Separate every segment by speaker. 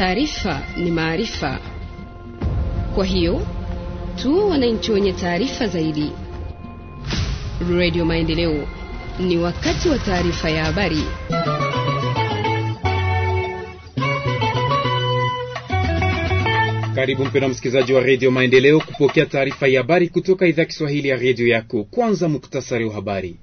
Speaker 1: Taarifa ni maarifa, kwa hiyo tu wananchi wenye taarifa zaidi. Radio Maendeleo, ni wakati wa taarifa ya
Speaker 2: habari.
Speaker 3: Karibu mpendwa msikilizaji wa redio Maendeleo kupokea taarifa ya habari kutoka idhaa Kiswahili ya redio yako. Kwanza muktasari wa habari.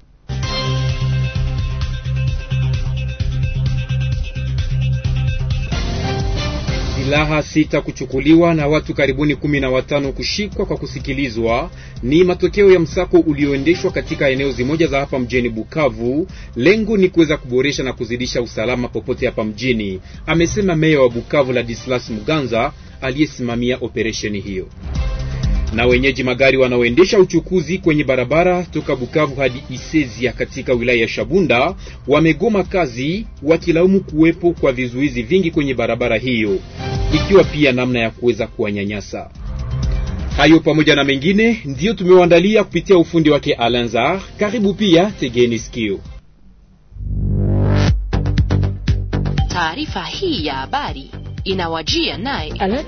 Speaker 3: silaha sita kuchukuliwa na watu karibuni kumi na watano kushikwa kwa kusikilizwa ni matokeo ya msako ulioendeshwa katika eneo zimoja za hapa mjini Bukavu. Lengo ni kuweza kuboresha na kuzidisha usalama popote hapa mjini, amesema meya wa Bukavu Ladislas Muganza aliyesimamia operesheni hiyo na wenyeji magari wanaoendesha uchukuzi kwenye barabara toka Bukavu hadi Isezia katika wilaya ya Shabunda wamegoma kazi wakilaumu kuwepo kwa vizuizi vingi kwenye barabara hiyo ikiwa pia namna ya kuweza kuwanyanyasa. Hayo pamoja na mengine ndiyo tumewaandalia kupitia ufundi wake Alanzar. Karibu pia tegeni sikio.
Speaker 1: Taarifa hii ya habari inawajia
Speaker 2: naye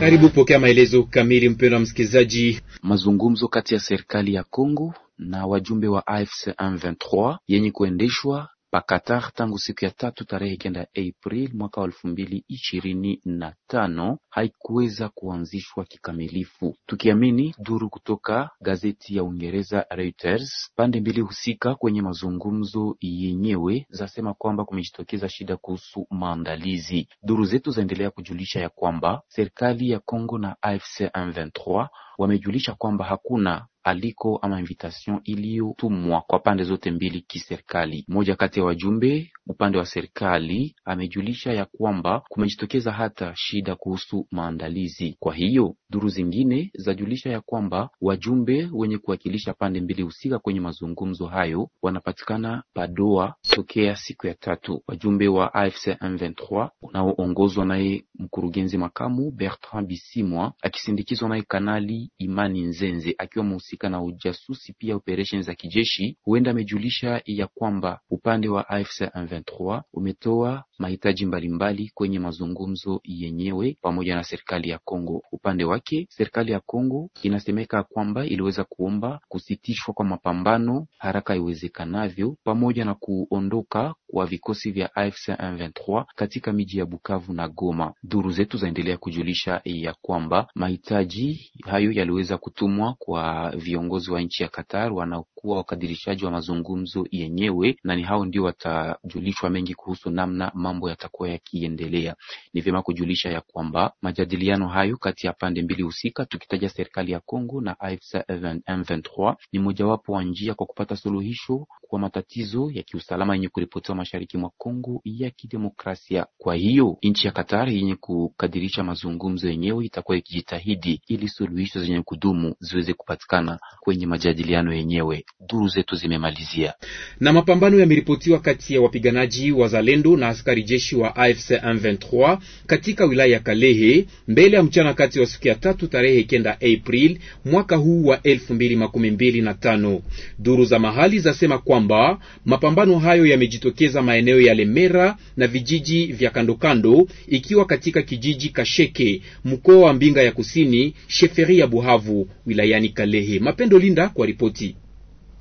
Speaker 3: karibu pokea
Speaker 4: maelezo kamili, mpendo wa msikilizaji. Mazungumzo kati ya serikali ya congo na wajumbe wa AFC M23 yenye kuendeshwa pakatar tangu siku ya tatu tarehe kenda april mwaka wa elfu mbili ishirini na tano haikuweza kuanzishwa kikamilifu, tukiamini duru kutoka gazeti ya Uingereza Reuters. Pande mbili husika kwenye mazungumzo yenyewe zasema kwamba kumejitokeza shida kuhusu maandalizi. Duru zetu zaendelea kujulisha ya kwamba serikali ya Kongo na AFC M23 wamejulisha kwamba hakuna aliko ama invitation iliyotumwa kwa pande zote mbili kiserikali. Mmoja kati ya wajumbe upande wa serikali amejulisha ya kwamba kumejitokeza hata shida kuhusu maandalizi. Kwa hiyo duru zingine zajulisha ya kwamba wajumbe wenye kuwakilisha pande mbili husika kwenye mazungumzo hayo wanapatikana Padoa tokea siku ya tatu. Wajumbe wa AFC M23 unaoongozwa naye mkurugenzi makamu Bertrand Bisimwa akisindikizwa naye kanali Imani Nzenze akiwa mhusika na ujasusi pia operations za kijeshi, huenda amejulisha ya kwamba upande wa AFC M23 umetoa mahitaji mbalimbali kwenye mazungumzo yenyewe pamoja na serikali ya Kongo. Upande wake serikali ya Kongo inasemeka kwamba iliweza kuomba kusitishwa kwa mapambano haraka iwezekanavyo pamoja na kuondoka wa vikosi vya AFC M23 katika miji ya Bukavu na Goma. Duru zetu zaendelea kujulisha ya kwamba mahitaji hayo yaliweza kutumwa kwa viongozi wa nchi ya Qatar wanao kuwa wakadirishaji wa mazungumzo yenyewe, na ni hao ndio watajulishwa mengi kuhusu namna mambo yatakuwa yakiendelea. Ni vyema kujulisha ya kwamba majadiliano hayo kati ya pande mbili husika, tukitaja serikali ya Kongo na AFC M23, ni mojawapo wa njia kwa kupata suluhisho kwa matatizo ya kiusalama yenye kuripotiwa mashariki mwa Kongo ya kidemokrasia. Kwa hiyo nchi ya Qatar yenye kukadirisha mazungumzo yenyewe itakuwa ikijitahidi ili suluhisho zenye kudumu ziweze kupatikana kwenye majadiliano yenyewe duru zetu zimemalizia.
Speaker 3: Na mapambano yameripotiwa kati ya wapiganaji wa Zalendo na askari jeshi wa AFC M23 katika wilaya ya Kalehe mbele ya mchana kati wa siku ya tatu tarehe kenda April mwaka huu wa elfu mbili makumi mbili na tano. Duru za mahali zasema kwamba mapambano hayo yamejitokeza maeneo ya Lemera na vijiji vya kandokando, ikiwa katika kijiji Kasheke, mkoa wa Mbinga ya Kusini, sheferi ya Buhavu, wilayani Kalehe. Mapendo Linda kwa ripoti.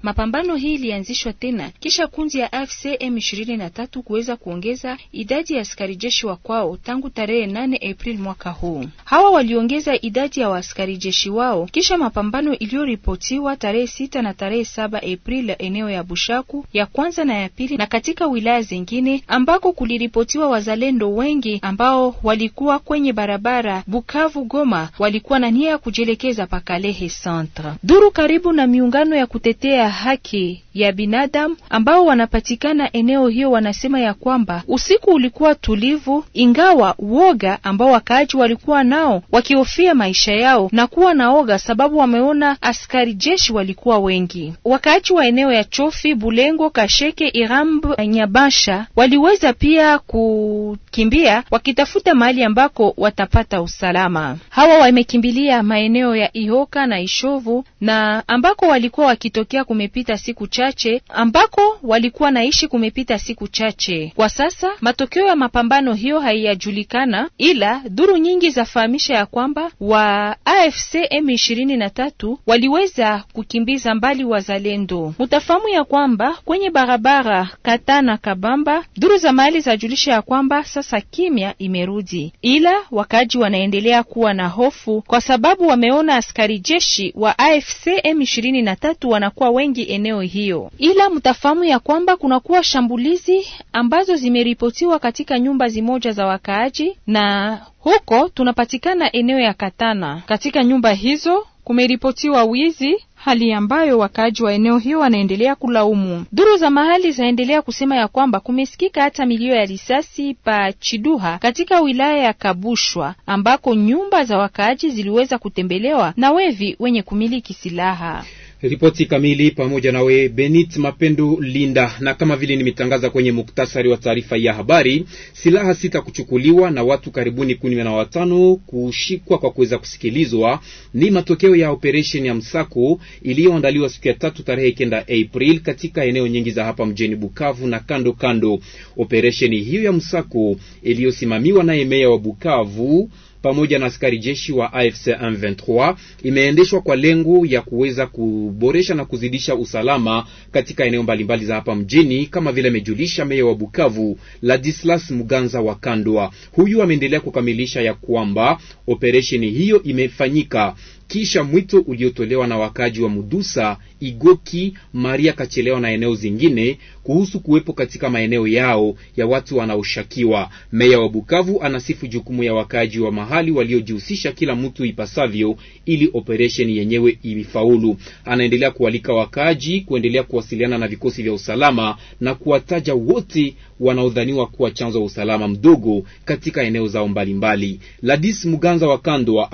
Speaker 1: Mapambano hii ilianzishwa tena kisha kundi ya AFC M23 kuweza kuongeza idadi ya askari jeshi wa kwao tangu tarehe 8 Aprili mwaka huu. Hawa waliongeza idadi ya waaskari jeshi wao kisha mapambano iliyoripotiwa tarehe 6 na tarehe 7 Aprili eneo ya Bushaku ya kwanza na ya pili, na katika wilaya zingine ambako kuliripotiwa wazalendo wengi ambao walikuwa kwenye barabara Bukavu Goma, walikuwa na nia ya kujielekeza Pakalehe Centre. Duru karibu na miungano ya kutetea haki ya binadamu ambao wanapatikana eneo hiyo wanasema ya kwamba usiku ulikuwa tulivu, ingawa uoga ambao wakaaji walikuwa nao wakihofia maisha yao na kuwa na oga, sababu wameona askari jeshi walikuwa wengi. Wakaaji wa eneo ya Chofi, Bulengo, Kasheke, Iramb, Nyabasha waliweza pia kukimbia wakitafuta mahali ambako watapata usalama. Hawa wamekimbilia maeneo ya Ihoka na Ishovu na ambako walikuwa wakitokea kumepita siku chache chache ambako walikuwa naishi kumepita siku chache. Kwa sasa matokeo ya mapambano hiyo haiyajulikana, ila duru nyingi zafahamisha ya kwamba wa AFC M23 waliweza kukimbiza mbali wazalendo. Mutafahamu ya kwamba kwenye barabara Kata na Kabamba, duru za mahali zajulisha ya kwamba sasa kimya imerudi, ila wakaji wanaendelea kuwa na hofu kwa sababu wameona askari jeshi wa AFC M23 wanakuwa wengi eneo hiyo hiyo, ila mtafahamu ya kwamba kunakuwa shambulizi ambazo zimeripotiwa katika nyumba zimoja za wakaaji, na huko tunapatikana eneo ya Katana. Katika nyumba hizo kumeripotiwa wizi hali ambayo wakaaji wa eneo hiyo wanaendelea kulaumu. Duru za mahali zinaendelea kusema ya kwamba kumesikika hata milio ya risasi pa Chiduha katika wilaya ya Kabushwa ambako nyumba za wakaaji ziliweza kutembelewa na wevi wenye kumiliki silaha.
Speaker 3: Ripoti kamili pamoja nawe Benit Mapendo Linda. Na kama vile nimetangaza kwenye muktasari wa taarifa ya habari, silaha sita kuchukuliwa na watu karibuni kumi na watano kushikwa kwa kuweza kusikilizwa ni matokeo ya operation ya msako iliyoandaliwa siku ya tatu tarehe kenda April katika eneo nyingi za hapa mjini Bukavu na kando kando. Operesheni hiyo ya msako iliyosimamiwa na meya wa Bukavu pamoja na askari jeshi wa AFC M23 imeendeshwa kwa lengo ya kuweza kuboresha na kuzidisha usalama katika eneo mbalimbali za hapa mjini, kama vile amejulisha meya wa Bukavu Ladislas Muganza wa Kandwa. Huyu ameendelea kukamilisha ya kwamba operesheni hiyo imefanyika kisha mwito uliotolewa na wakaaji wa Mudusa, Igoki, Maria Kachelewa na eneo zingine kuhusu kuwepo katika maeneo yao ya watu wanaoshakiwa. Meya wa Bukavu anasifu jukumu ya wakaaji wa mahali waliojihusisha kila mtu ipasavyo ili operesheni yenyewe ifaulu. Anaendelea kualika wakaaji kuendelea kuwasiliana na vikosi vya usalama na kuwataja wote wanaodhaniwa kuwa chanzo wa usalama mdogo katika eneo zao mbalimbali. Ladis Muganza wa Kandwa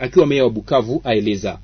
Speaker 3: akiwa meya wa Bukavu aeleza.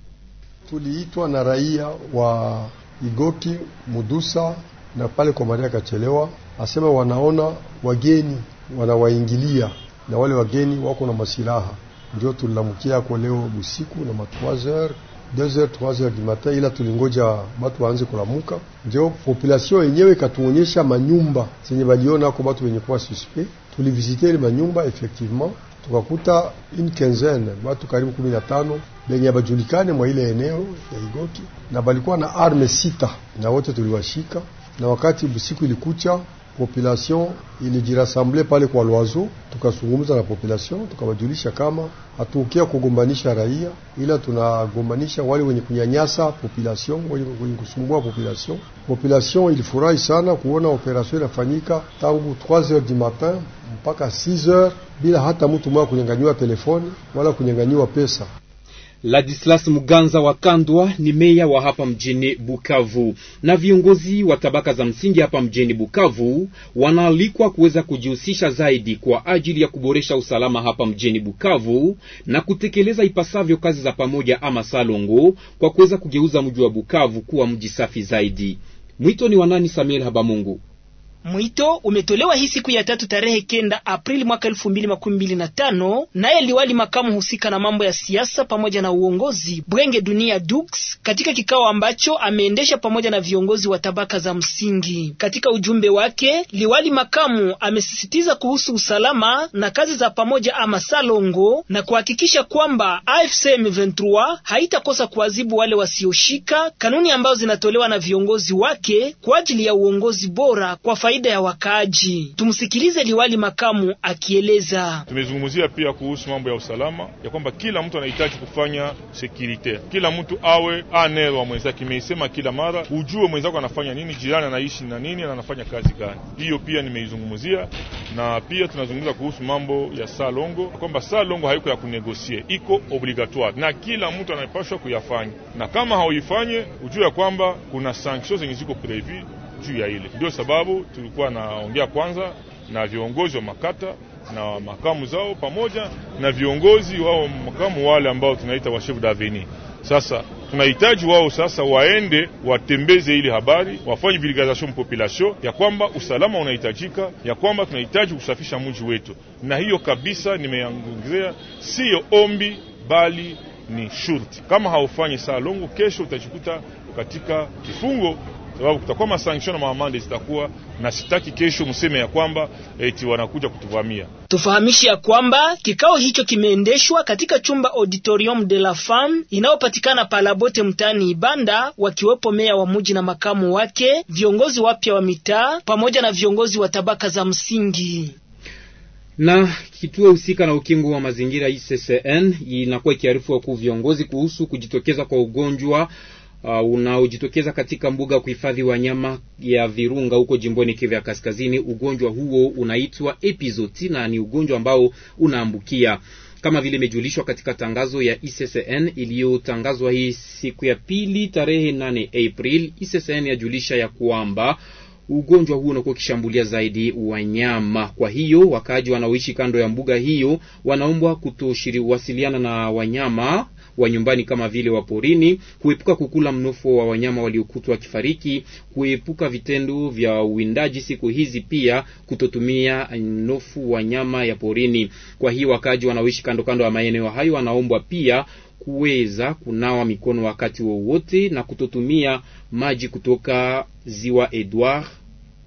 Speaker 5: Tuliitwa na raia wa igoki Mudusa na pale kwa Maria Kachelewa, asema wanaona wageni wanawaingilia na wale wageni wako na masilaha. Ndio tulilamukia kwa leo busiku na matwazer 2 ila tulingoja batu waanze kulamuka, ndio population yenyewe ikatuonyesha manyumba zenye baliona ako batu wenye kuwa suspect. Tulivizite ile manyumba effectivement tukakuta in quinzaine watu karibu kumi na tano benye bajulikane mwa ile eneo ya Igoti, na balikuwa na arme sita, na wote tuliwashika, na wakati busiku ilikucha population ilijirassembler pale kwa Lwazo, tukazungumza na population, tukawajulisha kama hatukia kugombanisha raia, ila tunagombanisha wale wenye kunyanyasa population, wenye kusumbua population. Population ilifurahi sana kuona operation inafanyika tangu 3h du matin mpaka 6h bila hata mtu mmoja kunyang'anywa telefoni wala kunyanganyiwa pesa.
Speaker 3: Ladislas Muganza wa Kandwa ni meya wa hapa mjini Bukavu, na viongozi wa tabaka za msingi hapa mjini Bukavu wanaalikwa kuweza kujihusisha zaidi kwa ajili ya kuboresha usalama hapa mjini Bukavu na kutekeleza ipasavyo kazi za pamoja ama salongo kwa kuweza kugeuza mji wa Bukavu kuwa mji safi zaidi. Mwito ni wanani? Samuel Habamungu.
Speaker 2: Mwito umetolewa hii siku ya tatu tarehe kenda Aprili mwaka elfu mbili makumi mbili na tano naye liwali makamu husika na mambo ya siasa pamoja na uongozi Bwenge Dunia Dux katika kikao ambacho ameendesha pamoja na viongozi wa tabaka za msingi. Katika ujumbe wake, liwali makamu amesisitiza kuhusu usalama na kazi za pamoja ama salongo na kuhakikisha kwamba AFC M23 haitakosa kuadhibu wale wasioshika kanuni ambazo zinatolewa na viongozi wake kwa ajili ya uongozi bora kwa faida faida ya wakaaji. Tumsikilize liwali
Speaker 6: makamu akieleza. Tumezungumzia pia kuhusu mambo ya usalama, ya kwamba kila mtu anahitaji kufanya sekurite, kila mtu awe anerwa mwenzake. Imeisema kila mara, ujue mwenzako anafanya nini, jirani anaishi na nini na anafanya kazi gani. Hiyo pia nimeizungumzia, na pia tunazungumza kuhusu mambo ya salongo, kwamba salongo haiko ya kunegosie, iko obligatoire na kila mtu anapashwa kuyafanya, na kama hauifanye ujue ya kwamba kuna sanctions zenye ziko prevu juu ya ile. Ndio sababu tulikuwa naongea kwanza na viongozi wa makata na makamu zao pamoja na viongozi wao makamu wale ambao tunaita wa chef d'aveni. Sasa tunahitaji wao sasa waende watembeze ile habari, wafanye vulgarisation population ya kwamba usalama unahitajika, ya kwamba tunahitaji kusafisha mji wetu, na hiyo kabisa nimeongezea, siyo ombi bali ni shurti. Kama haufanyi saa longo, kesho utajikuta katika kifungo sababu kutakuwa masanction na maamande zitakuwa, na sitaki kesho mseme ya kwamba eti wanakuja kutuvamia.
Speaker 2: Tufahamishi ya kwamba kikao hicho kimeendeshwa katika chumba auditorium de la femme inayopatikana Palabote mtaani Ibanda, wakiwepo meya wa muji na makamu wake, viongozi wapya wa mitaa pamoja na viongozi wa tabaka za msingi
Speaker 3: na kituo husika na ukingo wa mazingira ICCN inakuwa ikiarifu wakuu viongozi kuhusu kujitokeza kwa ugonjwa uh, unaojitokeza katika mbuga ya kuhifadhi wanyama ya Virunga huko jimboni Kivu ya Kaskazini. Ugonjwa huo unaitwa epizoti na ni ugonjwa ambao unaambukia kama vile imejulishwa katika tangazo ya ISSN iliyotangazwa hii siku ya pili tarehe 8 April. ISSN yajulisha ya kwamba ugonjwa huu unakuwa ukishambulia zaidi wanyama. Kwa hiyo wakaaji wanaoishi kando ya mbuga hiyo wanaombwa kutowasiliana na wanyama wa nyumbani kama vile wa porini, kuepuka kukula mnofu wa wanyama waliokutwa wakifariki, kuepuka vitendo vya uwindaji siku hizi, pia kutotumia mnofu wa nyama ya porini. Kwa hiyo wakaji wanaoishi kando kando ya maeneo hayo wanaombwa pia kuweza kunawa mikono wakati wowote na kutotumia maji kutoka ziwa Edward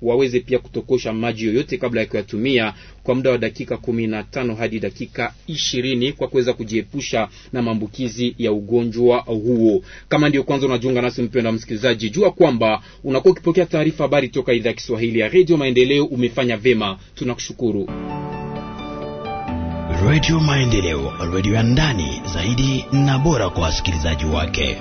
Speaker 3: waweze pia kutokosha maji yoyote kabla ya kuyatumia kwa muda wa dakika kumi na tano hadi dakika ishirini kwa kuweza kujiepusha na maambukizi ya ugonjwa huo. Kama ndio kwanza unajiunga nasi, mpendwa msikilizaji, jua kwamba unakuwa ukipokea taarifa habari toka idhaa ya Kiswahili ya Redio Maendeleo. Umefanya vema, tunakushukuru.
Speaker 2: Redio Maendeleo, redio ya ndani zaidi
Speaker 3: na
Speaker 7: bora kwa wasikilizaji wake.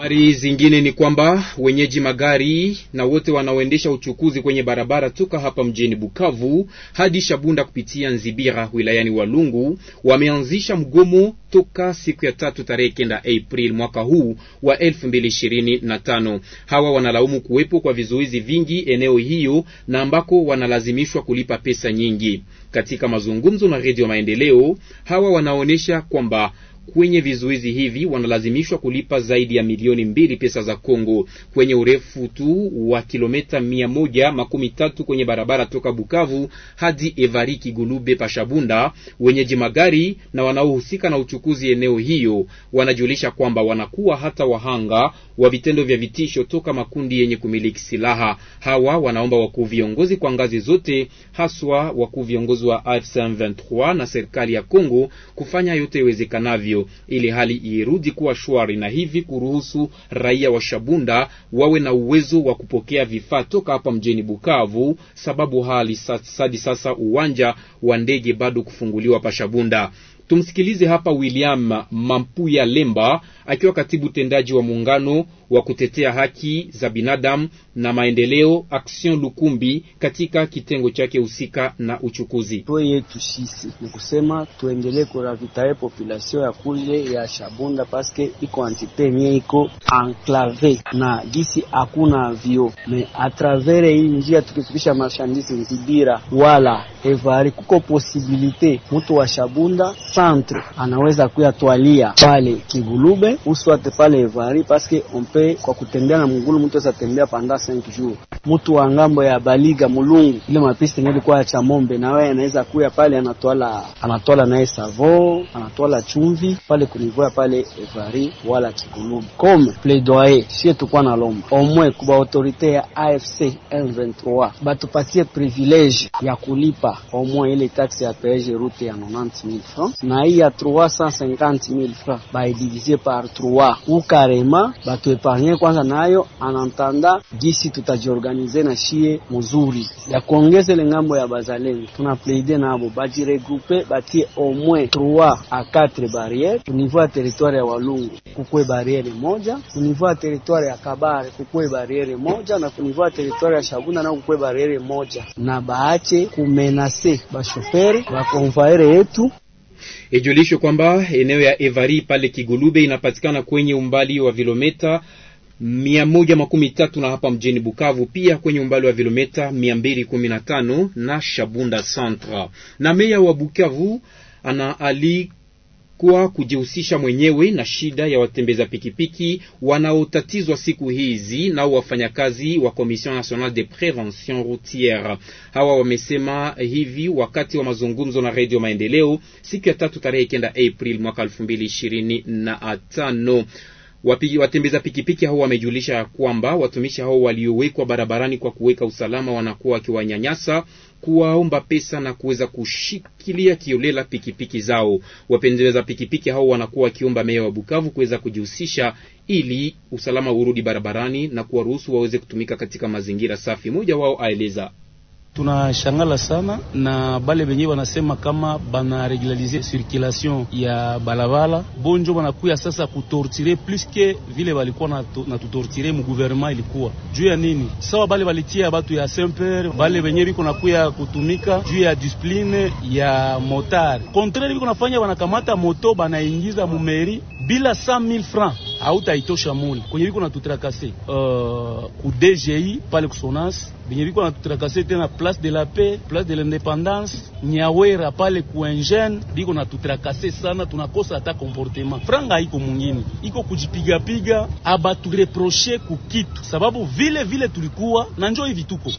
Speaker 3: Habari zingine ni kwamba wenyeji magari na wote wanaoendesha uchukuzi kwenye barabara toka hapa mjini Bukavu hadi Shabunda kupitia Nzibira wilayani Walungu wameanzisha mgomo toka siku ya tatu tarehe kenda April mwaka huu wa 2025. Hawa wanalaumu kuwepo kwa vizuizi vingi eneo hiyo na ambako wanalazimishwa kulipa pesa nyingi. Katika mazungumzo na Redio Maendeleo, hawa wanaonyesha kwamba kwenye vizuizi hivi wanalazimishwa kulipa zaidi ya milioni mbili pesa za Kongo kwenye urefu tu wa kilomita mia moja makumi tatu kwenye barabara toka Bukavu hadi evariki gulube Pashabunda. Wenyeji magari na wanaohusika na uchukuzi eneo hiyo wanajulisha kwamba wanakuwa hata wahanga wa vitendo vya vitisho toka makundi yenye kumiliki silaha. Hawa wanaomba wakuu viongozi kwa ngazi zote, haswa wakuu viongozi wa AFC M23 na serikali ya Kongo kufanya yote iwezekanavyo hivyo ili hali irudi kuwa shwari, na hivi kuruhusu raia wa Shabunda wawe na uwezo wa kupokea vifaa toka hapa mjini Bukavu, sababu hali sadi sasa uwanja wa ndege bado kufunguliwa pa Shabunda. Tumsikilize hapa William Mampuya Lemba akiwa katibu tendaji wa muungano wa kutetea haki za binadamu na maendeleo Action Lukumbi katika kitengo
Speaker 7: chake husika na uchukuzi. Toe yetu sisi ni kusema tuendelee kuravitae population ya kule ya Shabunda paske iko antite yenye iko enclave na gisi hakuna vio me atravere hii njia, tukifikisha mashandisi Zibira wala Evari kuko posibilite mtu wa Shabunda centre anaweza kuyatwalia pale Kigulube uswate pale Evari, paske ompe kwa kutembea na mgulu, mtu aweza tembea panda 5 jours mtu wa ngambo ya Baliga Mulungu, ile mapiste nilikuwa ya Chamombe, na wewe anaweza kuya pale, anatwala anatwala naye savo, anatwala chumvi pale kunivoya pale Evari wala Chikulumu comme plaidoyer sie tukwa na lomba omwe kuba autorite ya AFC M23 batupatie privilege ya kulipa omwe ile taxe ya peage route ya 90000 francs na hii ya 350000 francs baidivisie par 3 ukarema batuepargne kwanza, nayo anantanda gisi tutajiorganize tujiorganize na shie mzuri ya kuongeza ile ngambo ya bazalendo, tuna pleide nabo bajiregrupe batie au moins 3 a 4 barriere ya territoire ya Walungu kukwe barriere moja, ya territoire ya Kabare kukwe barriere moja, na ya territoire ya Shabunda na kukwe barriere moja, na baache kumenase bashoferi bakonvaere yetu. Ijulishwe kwamba
Speaker 3: eneo ya Evari pale Kigulube inapatikana kwenye umbali wa vilometa 113 na hapa mjini Bukavu pia kwenye umbali wa kilomita 215 na Shabunda Centre. Na meya wa Bukavu anaalikwa kujihusisha mwenyewe na shida ya watembeza pikipiki wanaotatizwa siku hizi nao wafanyakazi wa Commission Nationale de Prevention Routiere. Hawa wamesema hivi wakati wa mazungumzo na Redio Maendeleo siku ya tatu tarehe kenda April mwaka 2025 watembeza pikipiki hao wamejulisha kwamba watumishi hao waliowekwa barabarani kwa kuweka usalama wanakuwa wakiwanyanyasa, kuwaomba pesa na kuweza kushikilia kiolela pikipiki zao. Wapendeleza pikipiki hao wanakuwa wakiomba meya wa Bukavu kuweza kujihusisha ili usalama urudi barabarani na kuwaruhusu waweze kutumika katika mazingira safi. Mmoja wao aeleza
Speaker 7: tunashangala sana na bale benye wanasema kama bana regularize circulation ya balabala bonjo banakuya sasa kutortire pluske vile balikuwa tutortire mu gouvernement ilikuwa juu ya nini sawa, bale balitia batu ya semper bale benye biko nakuya kutumika juu ya discipline ya motari kontrere biko nafanya wanakamata moto banaingiza mumeri bila 100000 francs hautaitosha mule kwenye viko natutrakase uh, ku DGI pale kusonansi venye viko natutrakase tena place de la paix, place de l'independance, Nyawera pale ku kuengene viko natutrakase sana, tunakosa hata comportement. Franga haiko mungine, iko kujipigapiga abatureproche kukitu sababu vile vile tulikuwa na njoo hivi tuko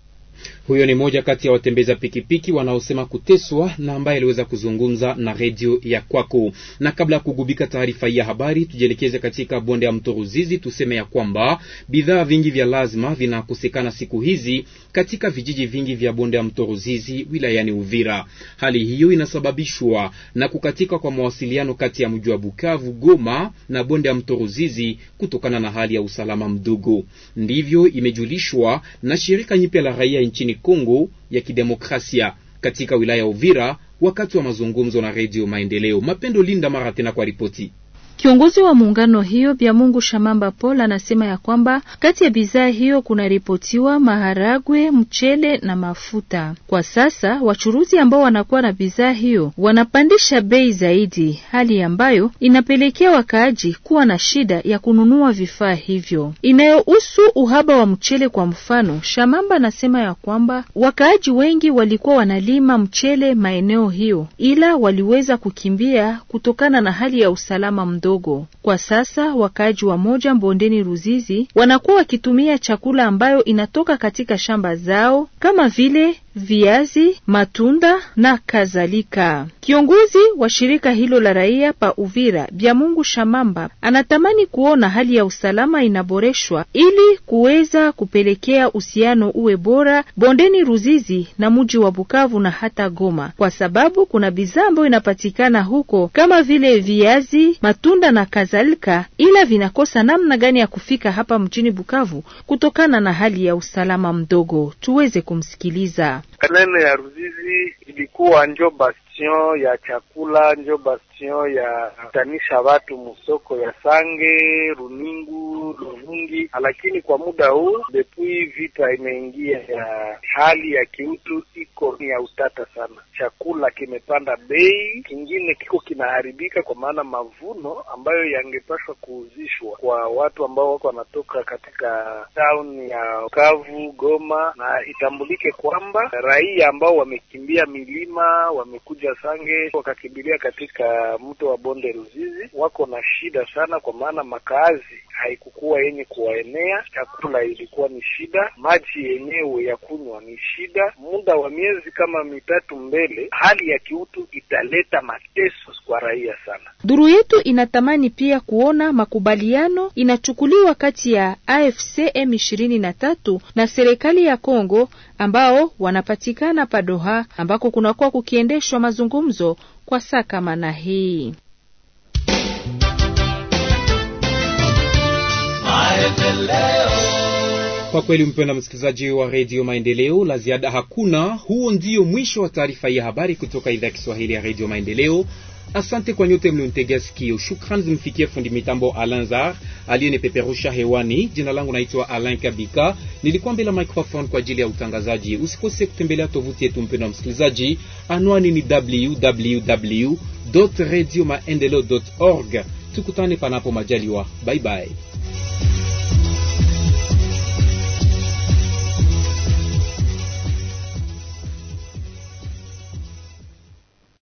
Speaker 3: huyo ni moja kati ya watembeza pikipiki wanaosema kuteswa na ambaye aliweza kuzungumza na redio ya kwako. Na kabla ya kugubika taarifa hii ya habari, tujielekeze katika bonde ya mto Ruzizi, tuseme ya kwamba bidhaa vingi vya lazima vinakosekana siku hizi katika vijiji vingi vya bonde ya mto Ruzizi wilayani Uvira. Hali hiyo inasababishwa na kukatika kwa mawasiliano kati ya mji wa Bukavu, Goma na bonde ya mto Ruzizi kutokana na hali ya usalama mdogo. Ndivyo imejulishwa na shirika nyipya la raia nchini nchini Kongo ya Kidemokrasia katika wilaya ya Uvira wakati wa mazungumzo na Redio Maendeleo. Mapendo Linda mara tena kwa ripoti.
Speaker 1: Kiongozi wa muungano hiyo Mungu Shamamba Paul anasema ya kwamba kati ya bidhaa hiyo kunaripotiwa maharagwe, mchele na mafuta. Kwa sasa wachuruzi ambao wanakuwa na bidhaa hiyo wanapandisha bei zaidi, hali ambayo inapelekea wakaaji kuwa na shida ya kununua vifaa hivyo. Inayohusu uhaba wa mchele kwa mfano, Shamamba anasema ya kwamba wakaaji wengi walikuwa wanalima mchele maeneo hiyo, ila waliweza kukimbia kutokana na hali ya usalama mdogo kidogo. Kwa sasa wakaaji wa moja Mbondeni Ruzizi wanakuwa wakitumia chakula ambayo inatoka katika shamba zao kama vile viazi, matunda na kadhalika. Kiongozi wa shirika hilo la raia pa Uvira, Byamungu Shamamba, anatamani kuona hali ya usalama inaboreshwa ili kuweza kupelekea uhusiano uwe bora bondeni Ruzizi na mji wa Bukavu na hata Goma, kwa sababu kuna bidhaa ambayo inapatikana huko kama vile viazi, matunda na kadhalika, ila vinakosa namna gani ya kufika hapa mjini Bukavu kutokana na hali ya usalama mdogo. Tuweze kumsikiliza.
Speaker 7: Kanene ya Ruzizi ilikuwa njo bastion ya chakula, njo bastion operation ya kutanisha watu musoko ya Sange, Runingu, Luvungi, lakini kwa muda huu depuis vita imeingia ya hali ya kiutu iko ni ya utata sana. Chakula kimepanda bei, kingine kiko kinaharibika, kwa maana mavuno ambayo yangepashwa kuuzishwa kwa watu ambao wako wanatoka katika town ya Kavu, Goma, na itambulike kwamba raia ambao wamekimbia milima wamekuja Sange wakakimbilia katika mto wa bonde Ruzizi wako na shida sana, kwa maana makaazi haikukuwa yenye kuwaenea, chakula ilikuwa ni shida, maji yenyewe ya kunywa ni shida. Muda wa miezi kama mitatu mbele, hali ya kiutu italeta mateso kwa raia sana.
Speaker 2: Duru
Speaker 1: yetu inatamani pia kuona makubaliano inachukuliwa kati ya AFC M23 na serikali ya Kongo ambao wanapatikana pa Doha ambako kunakuwa kukiendeshwa mazungumzo kwa saa kama na hii.
Speaker 3: Kwa kweli mpenda msikilizaji wa redio Maendeleo, la ziada hakuna. Huo ndio mwisho wa taarifa ya habari kutoka idhaa ya Kiswahili ya redio Maendeleo. Asante kwa nyote mlionitegea sikio. Shukrani zimfikie fundi mitambo Alanzar aliyenipeperusha hewani. Jina langu naitwa Alain Kabika, nilikuwa mbele microphone kwa ajili ya utangazaji. Usikose kutembelea tovuti yetu, mpendwa msikilizaji, anwani ni www radio maendeleo org. Tukutane panapo majaliwa, bye.